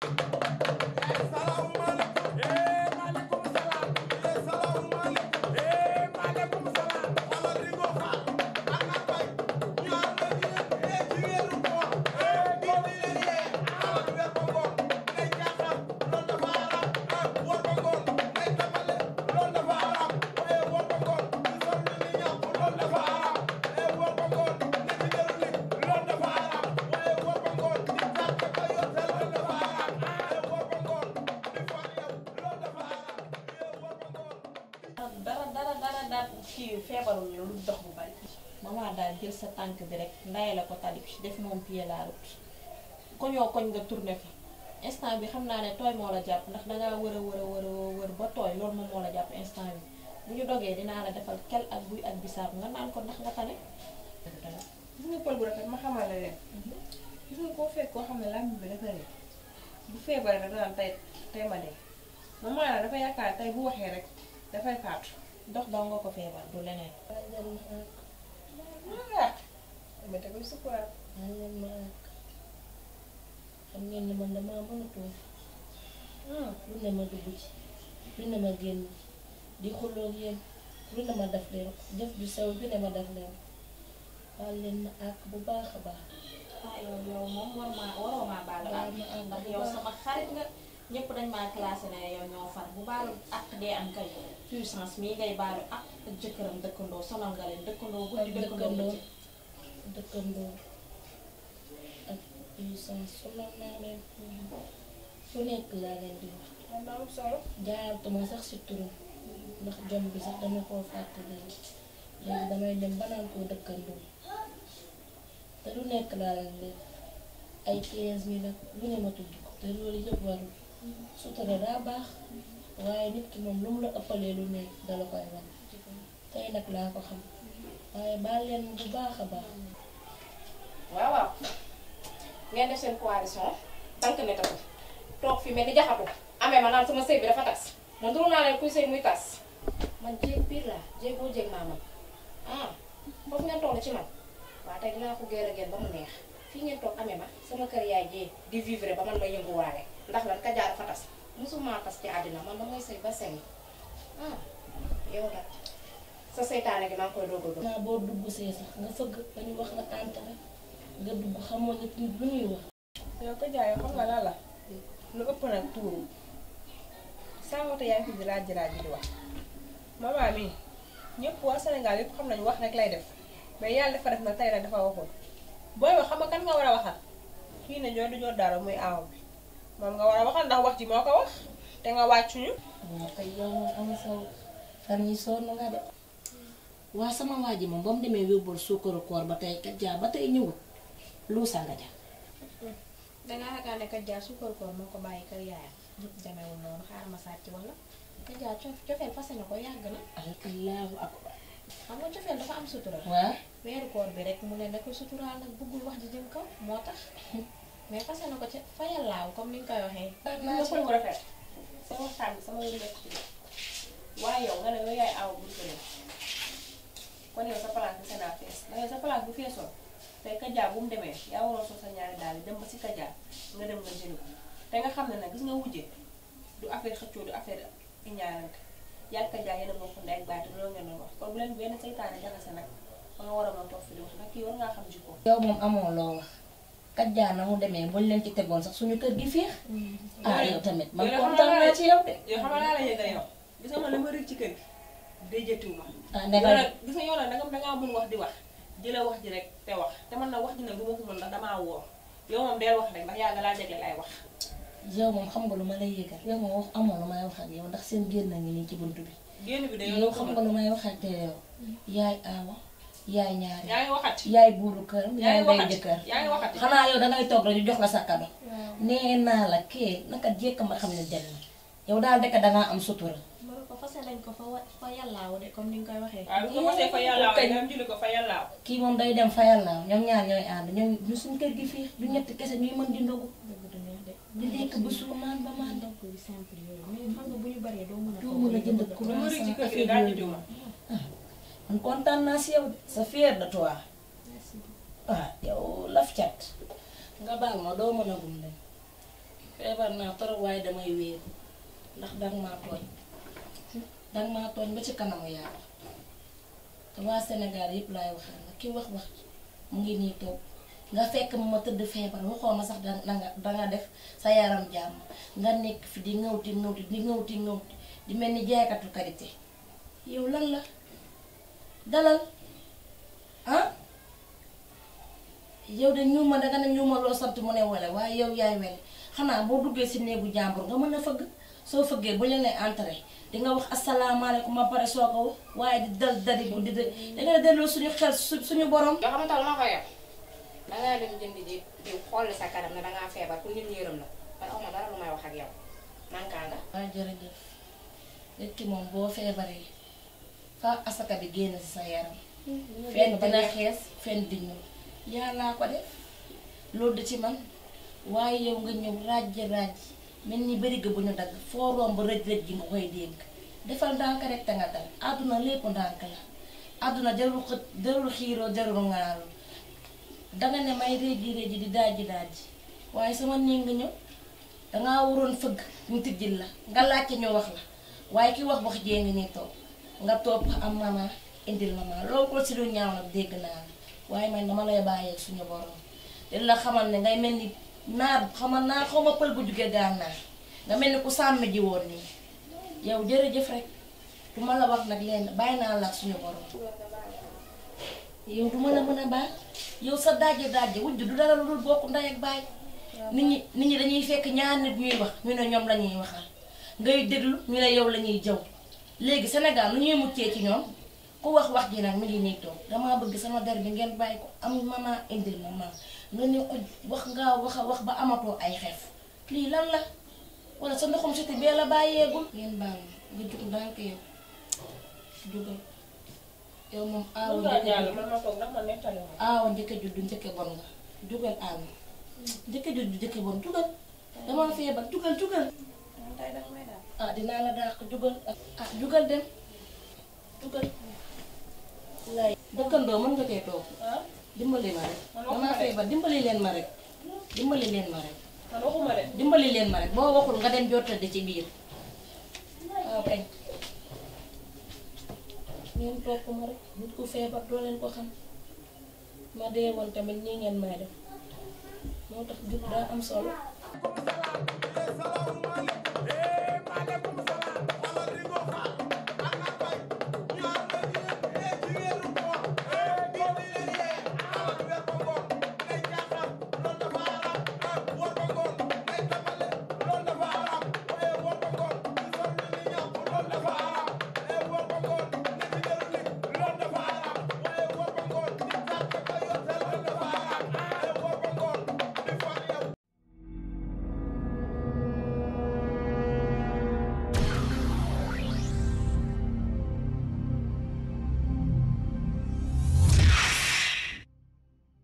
Thank you naan feebaru yow dox bu bari. maman daal jël sa tànk bi rek ndaye la ko tali def moom pied la route koñoo koñ nga tourné fi instant bi xam naa ne tooy moo la ndax dangaa wër a wër a wër a wër ba tooy loolu moom moo la jàpp instant bi bu ñu dogee dinaa la defal kel ak buy ak bisaab nga naan ko ndax nga tane. ma xamal la leen. Mhm. koo xam ne làmb dafa bu feebaree rek daan tey tey ma dafa yaakaar tey bu waxee rek dafay faatu. dox daw nga ko feebar bu leneen. ma tegu si quoi. ma xam ngeen ne man damaa ah lu ne ma dugg ci. lu ne ma génn di xuloo ak lu ne ma def leen jëf ju sew bi ne ma def leen baal leen ma bu baax a baax. yow yow moom war maa waroo maa baal. ndax yow sama xarit nga. ñëpp dañ maa classé ne yow ñoo far bu baalu ak dee am kay puissance mii ngay baalu ak ak jëkkëram dëkkandoo sonal nga leen dëkkandoo nekk laa leen di wax jaartuma sax si turam ndax jom bi sax dama koo fàtte léegi léegi damay dem banaan koo dëkkandoo te lu nekk laa leen léegi ay 15 mille ak lu ne ma tudd te loolu yëpp warul tere da bax waye nit ki mom lum la ëppalee lu ne dala koy wax tay nak la ko xam waye baal len bu baxa a waaw waaw ngeen def seen coalition tank ne tok tok fi melni jaxatu amé ma sama sey bi dafa tas man duru na leen kuy sey muy man bir la bo mama ah foofu ngeen toll ci man wa tay dina ko géer a ba mu neex fi ngeen tok amé ma sama kër yaay jee di vivre ba man ma yënguwaale ndax lan ka jaar fa tas musuma tas ci adina man damay sey ba sey ah yow da sa setané gi ma ngi koy doog na bo dugg see sax nga fëgg ba wax nga tante rek nga dugg xamoo ni ci lu ñuy wax. yow ko jaay xam nga la la lu ëpp nag tuuru sa woote yaa fi di laaj laaj di wax mama mi ñepp wa Sénégal yépp xam nañ wax rek lay def mais yalla dafa def na tay rek dafa waxul boy wax xam nga kan nga wara waxal kii na ñoo du ñoo daara muy aawu moom nga war a waxal ndax wax ji moo ko wax te nga wàccuñu. waaw kay yow moom amul saw fan yi sama waa ji moom ba mu demee yóbbul suukaru koor ba tey kajjaa ba tey ñëwul luusa nga ja. Mm. dangaa yaakaar ne suukaru koor moo ko bàyyi kër yaayam demeewul noonu xaar ma sàcc wala kajjaa cofeel fase na ko yàgg na. allahu akbar. xam nga cofeel dafa am sutura. waaw weeru koor bi rek mu ne na ko suturaal nag bëggul wax ji jëm kaw moo tax. mais fas na ko ca fayal laaw comme ni nga koy waxee. maa ngi ko sama waxtaan bi sama yëngu nekk ci waaye yow nga ne yaay aw bu ñu kon yow sa place bi seen fees nga sa place bu feesoon tey kajaa bu mu demee yaa waroon soo sa ñaari daal dem ba si kajaa nga dem nga jëli ko te nga xam ne nag gis nga wujje du affaire xëccoo du affaire ñaarante yaa kajaa yéen a bokk ak baatu loolu ngeen doon wax kon bu leen benn seytaane jaxase nag ba nga war a mën toog moom amoo kajjaa na mu demee buñ leen ci tegoon sax suñu kër gi féex. Mm. ah yow tamit man kontaan naa ci yow de. yow xam naa man ci kër gi déjétuwuma. ah ne la gis nga yow nag danga dangaa mën wax di wax jëla wax ji rek te wax te man nag wax ji nag du ma ko mën ndax damaa wóor yow moom deel wax rek ndax yàlla laa jagleel ay wax. yow moom xam nga lu ma lay yëgal yow moom wax amoon lu may wax ak yow ndax seen génn ngi nii ci bunt bi. génn bi de yow xam nga lu may wax ak yow mm. yaay aawa yaay ñaari yaay waxat yaay buuru kër yaay day jëkkër xanaa yow dangay toog rek ñu jox la sa kado nee naa la kee naka jekk ma xam ne dem na yow daal dëkk dangaa am sutura fase lañ ko fa fa yàllaaw de comme ni nga koy waxee. waaw bu ko ko fa yàllaaw. kii moom day dem fa yàllaaw ñoom ñaar ñooy ànd ñoom ñu suñ kër gi fii du ñetti kese ñuy mën di ndogu. di lekk bu suur naan ba maan. doo mën a jënd um nasi naa si yow de sa fier ah ya laf chat, nga baal ma doo mën na gum leen feebar ma torop waaye damay ndax dang ma toy dang ma toy ba ci kanamu ya te waa Sénégal yëpp laay waxal na ki wax wax mu ngi ni toog nga fekk ma tëdd feebar waxoo ma sax da nga def sa yaram jam nga nek fi di ngawti ngawti di ngawti ngawti di melni ni karité yow lan la dalal ah yow de ñu ma danga ne ñu loo sant mu ne wala waaye yow yaay wel xanaa boo duggee si néegu jàmbur nga mën na fëgg soo fëggee bu leen lay entré di nga wax asalaamaaleykum ma pare soo ko waaye di dal dali bu di da nga delloo suñu xel suñu borom. yoo xamante ne ma koy wax dangaa dem jënd ji di xool sa kanam ne dangaa feebar ku nit yërëm la man aw ma dara lu may wax ak yow man nga. waaw ah, jërëjëf nit moom boo feebaree. fa asaka bi génn si sa yaram. Mm-hmm. fenn dina xees fenn di ñëw. yàllaa ko def loolu da ci man waaye yow nga ñëw ràjji ràjji mel ni bërigo bu ñu dagg foo romb rëj rëj gi nga koy dégg defal ndànk rek te nga dal àdduna lépp ndànk la àdduna jarul xët jarul xiiroo jarul ŋaaroo danga ne may réji réji di daaji daaji waaye sama néeg nga ñëw dangaa waroon fëgg ñu tijjil la nga laajte ñu wax la waaye ki wax wax jee nga ñuy toog nga topp am mama indil mama loolu ko si lu ñaaw nag dégg naa waaye man dama lay bàyyee suñu borom te la xamal ne ngay mel ni naar xamal naar xaw ma pël bu jugee gànnaar nga ku sàmm ji woon nii yow jërëjëf rek du ma la wax nag leen bàyyi naa la suñu borom. yow du la mën a baal yow sa daaje daaje wujj du dara lu dul bokk ndey ak baay. nit ñi nit ñi dañuy fekk ñaar nit ñuy wax ñu ne ñoom lañuy ñuy waxal ngay déglu ñu ne yow lañuy ñuy jëw. léegi Sénégal nu ñuy muccee ci ñoom ku wax wax ji nag mi ngi nii toog damaa bëgg sama der bi ngeen bàyyi ko am maman indil maman nga ne wax ngaa wax a wax ba amatoo ay xeef lii lan la wala bàyyeegul. ngeen baal ma nga jug jugal yow moom aawa aawa njëkk njëkk a bon nga jugal a a jugal jugal. ah dinaa la dàq jugal ah jugal dem jugal. lay dëkkandoo mën nga koy toog. Ah? dimbali ma rek. damaa feebar dimbali leen ma rek. dimbali leen ma rek. dimbali leen ma rek boo waxul nga dem jottali di ci biir. waaw ah, kañ. ngeen toog rek nit ku feebar doo leen ko xam. ma dee woon tamit nii ngeen may def moo tax jur daa am solo.